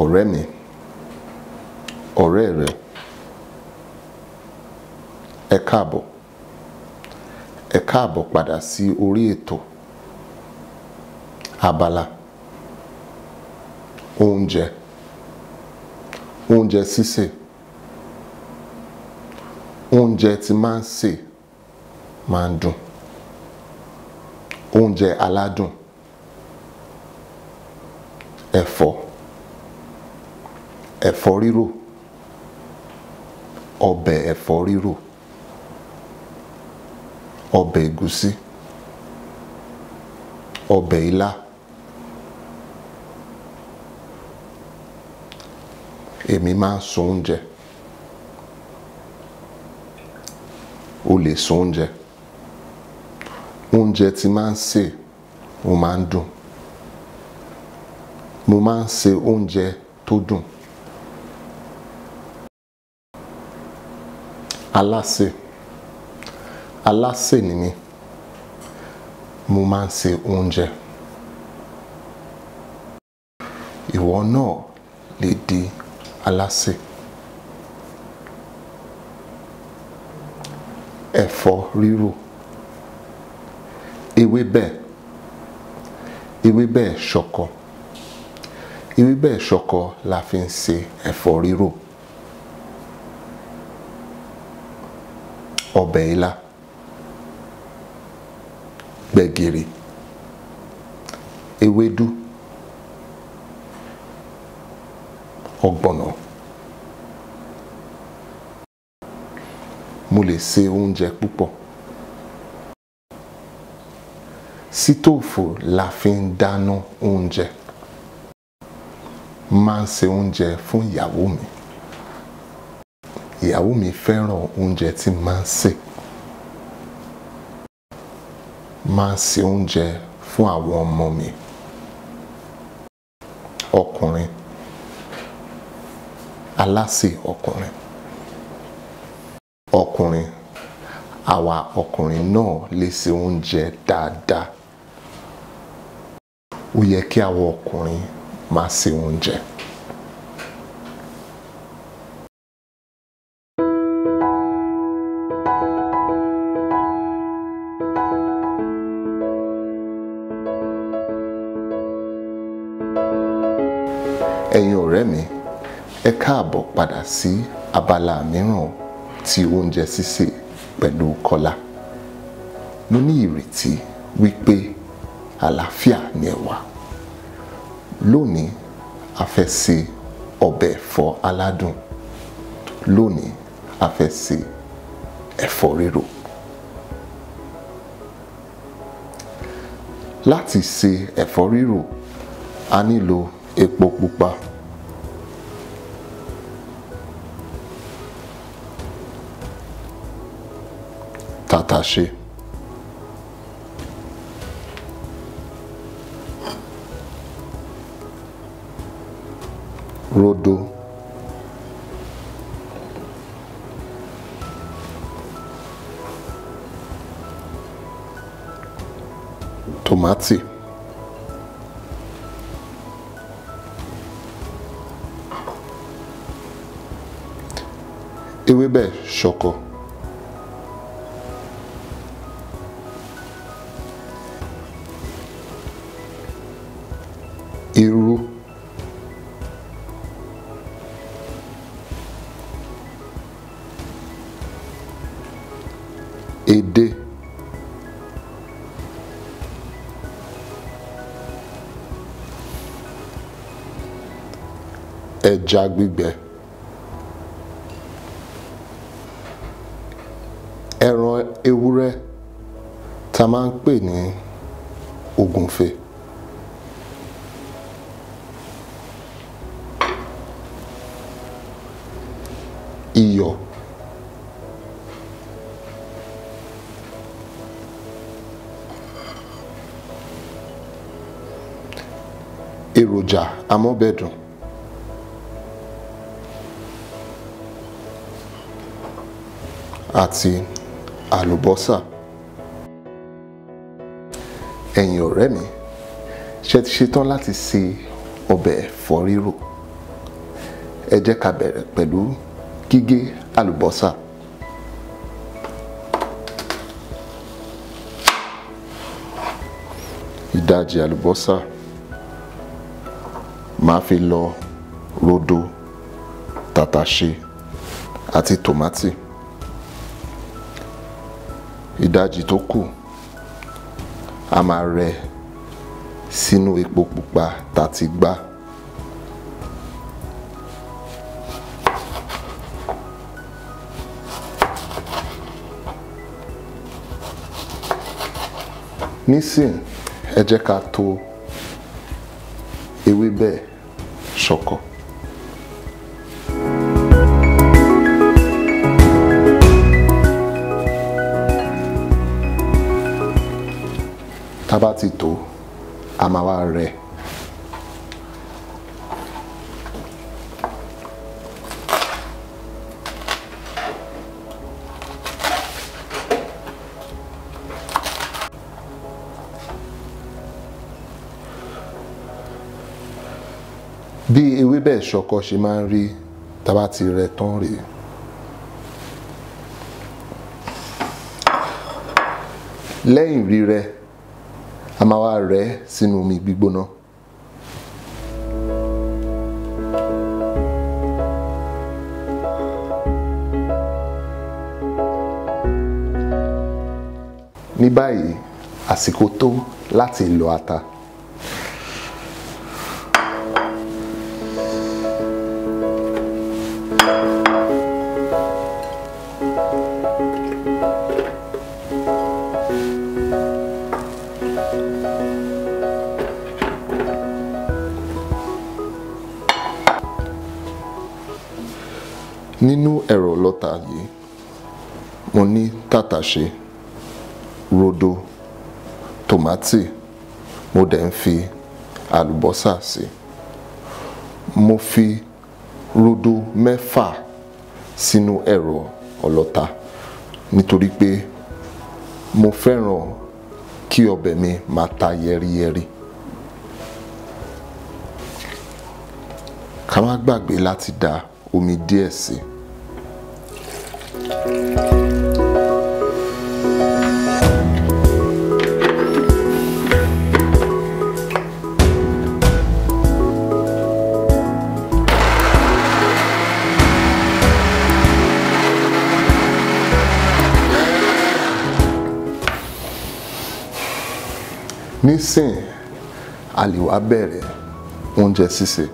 ọ̀rẹ́ mi ọ̀rẹ́ rẹ ẹ káàbọ̀ ẹ káàbọ̀ padà sí orí ètò abala oúnjẹ oúnjẹ sísè oúnjẹ tí máa ń sè máa ń dùn oúnjẹ aládùn ẹ̀fọ́. E ẹ̀fọ́ rírò ọbẹ̀ ẹ̀fọ́ rírò ọbẹ̀ ẹ̀gúsí ọbẹ̀ ilá èmi máa ń sọ oúnjẹ o lè sọ oúnjẹ oúnjẹ tí máa ń sè ó máa ń dùn mo máa ń sè oúnjẹ tó dùn. aláṣẹ aláṣẹ ni mí mo máa ń ṣe oúnjẹ ìwọ náà lè di aláṣẹ ẹ̀fọ́ rírò ewébẹ̀ ewébẹ̀ ṣọ̀kọ̀ ewébẹ̀ ṣọ̀kọ̀ la fi ń ṣe ẹ̀fọ́ rírò. ọbẹ̀ ilá gbẹ̀gìrì ewédú ọ̀gbọ̀nọ̀ mo lè ṣe oúnjẹ púpọ̀ sítóòfù la fi ń dáná oúnjẹ máa ń ṣe oúnjẹ fún ìyàwó mi ìyàwó mi fẹ́ràn oúnjẹ tí màá sè màá sè oúnjẹ fún àwọn ọmọ mi ọkùnrin aláṣẹ ọkùnrin ọkùnrin àwa ọkùnrin náà lè ṣe oúnjẹ dáadáa ó yẹ kí àwọn ọkùnrin máa ṣe oúnjẹ. ẹ̀yin ọ̀rẹ́ mi ẹ káàbọ̀ padà sí abala mìíràn ti oúnjẹ sísè pẹ̀lú Kọ́lá mo ní ìrètí wípé àlàáfíà ni ẹ wà lónìí a fẹ́ ṣe ọbẹ̀ ẹ̀fọ́ aládùn lónìí a fẹ́ ṣe ẹ̀fọ́ rírò láti ṣe ẹ̀fọ́ rírò a nílò epo pupa tàtàṣé rodo tomati. ewébẹ̀ ṣọ̀kọ̀ irú edé ẹja gbígbẹ. E ẹran ewúrẹ́ tá a máa ń pè ní ògúnfe. iyọ̀ èròjà amóbẹ̀dùn àti àlùbọ́sà ẹ̀yin ọ̀rẹ́ mi ṣe ti ṣetán láti se ọbẹ̀ ẹ̀fọ́ rírò ẹ jẹ́ ká bẹ̀rẹ̀ pẹ̀lú gígé àlùbọ́sà. ìdajì àlùbọ́sà máa fi lọ rodo tàtàṣé àti tòmátì ìdajì tó kù a máa rẹ sínú epo pupa tá a ti gbá. nísìn ẹ jẹ́ ká tò ewébẹ̀ ṣọ̀kọ̀. tá bá ti tó a máa wá rẹ bí ewébẹ̀ ṣọkọ ṣe máa ń rí tá bá ti rẹ tán rèé. lẹ́yìn rírẹ a máa wá rẹ́ sínú omi gbígbóná. ní báyìí àsìkò tó láti lọ ata. thank you ẹ̀rọ ọlọ́ta yìí mo ní tàtàṣé rodo tòmátì mo dẹ̀ ń fi àlùbọ́sà sí mo fi rodo mẹ́fà sínú ẹ̀rọ ọlọ́ta nítorí pé mo fẹ́ràn kí ọbẹ̀ mi máa ta yẹ́rìyẹ́rì ká má gbàgbé láti da omi díẹ̀ sí i nísìn a lè wá bẹ̀rẹ̀ oúnjẹ sísè.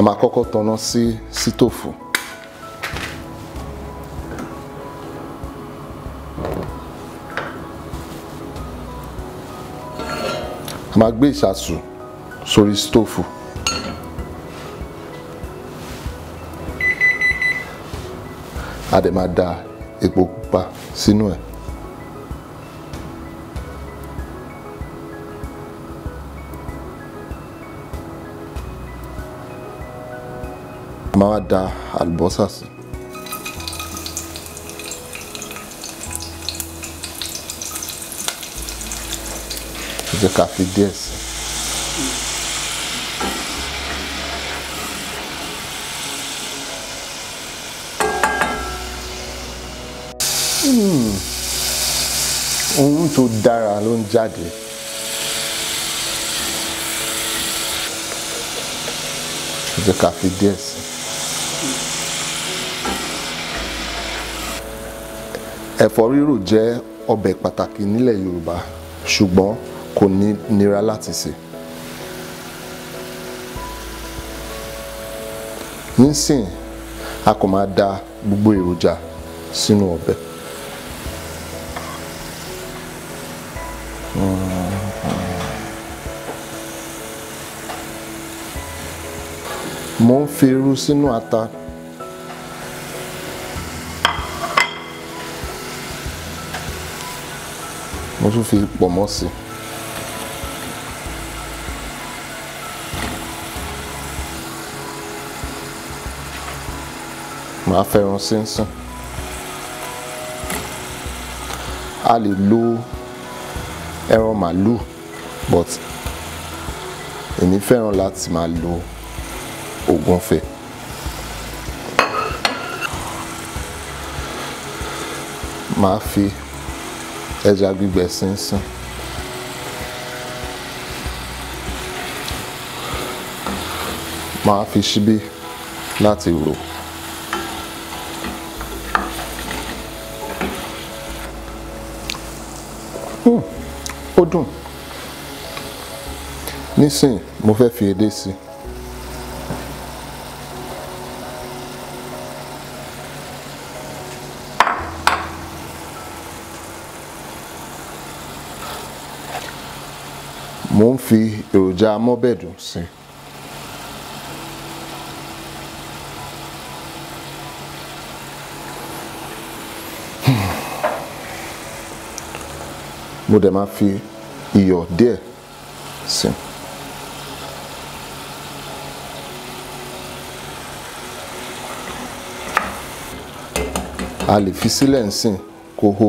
a máa kọ́kọ́ tanná sí sítòfù a máa gbé ìṣàsù sórí sítòfù a dẹ̀ máa da epo pupa sínú ẹ̀. E máa wá da àlùbọ́sà sí. jẹ́ ká fi díẹ̀ sí. Hmm. ohun tó dára ló ń jáde. jẹ́ ká fi díẹ̀ sí. ẹ̀fọ́ rírò jẹ́ ọbẹ̀ pàtàkì nílẹ̀ Yorùbá ṣùgbọ́n kò ní nira láti sè. nísìn a kò máa da gbogbo èròjà sínú ọbẹ̀. mo ń fi irú sínú ata mo tún fi pọ̀nmọ́ sí i. màá fẹ́ràn sínsìn a lè lo ẹran màálù but èmi fẹ́ràn láti máa lo ògúnfẹ̀. màá fi ẹja gbígbẹ sínsìn. màá fi ṣíbí láti rò. Hmm, ó dùn nísìnyí mo fẹ́ fi edé sí i. mo ń fi èròjà amọ́bẹ̀dùn sí i. Hmm. mo dẹ̀ máa fi iyọ̀ díẹ̀ sí i. a lè fi sílẹ̀ ń sìn kó hó.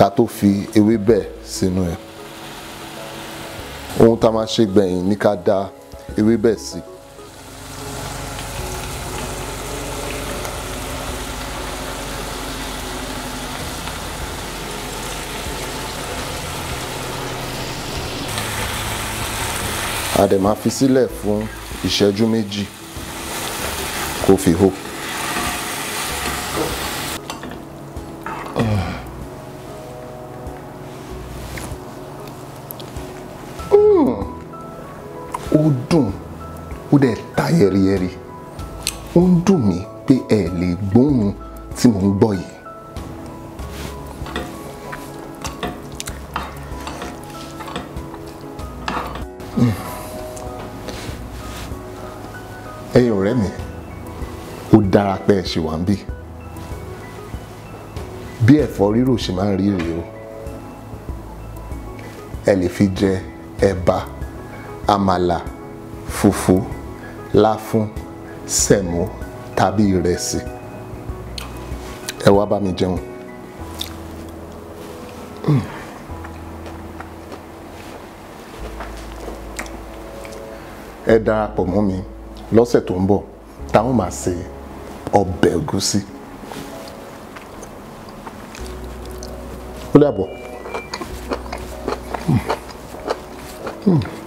ká tó fi ewébẹ̀ sínú ẹ̀ ohun tá a máa ṣe gbẹ̀yìn ni ká da ewébẹ̀ sí a dẹ̀ máa fi sílẹ̀ fún ìṣẹ́jú méjì kó fi hó. ó dùn ó dẹ̀ ta yẹriyẹri ó ń dùn mí pé ẹ lè gbóhùn tí mò ń gbọ́ yìí. Hmm. ẹ̀yin ọ̀rẹ́ mi ó dára pé ẹ ṣì wà ń bí bí ẹ̀fọ́ rírò ṣe máa ń rí rèé o ẹ lè fi jẹ ẹ̀bà. E àmàlà fùfú láfún sẹ̀mó tàbí ìrẹsì ẹ wá bá mi jẹun. Mm. ẹ darapọ̀ mọ́ mi lọ́sẹ̀ tó ń bọ̀ táwọn máa ṣe ọbẹ̀ ẹ̀gúsí. ó dàbọ̀. Mm. Mm.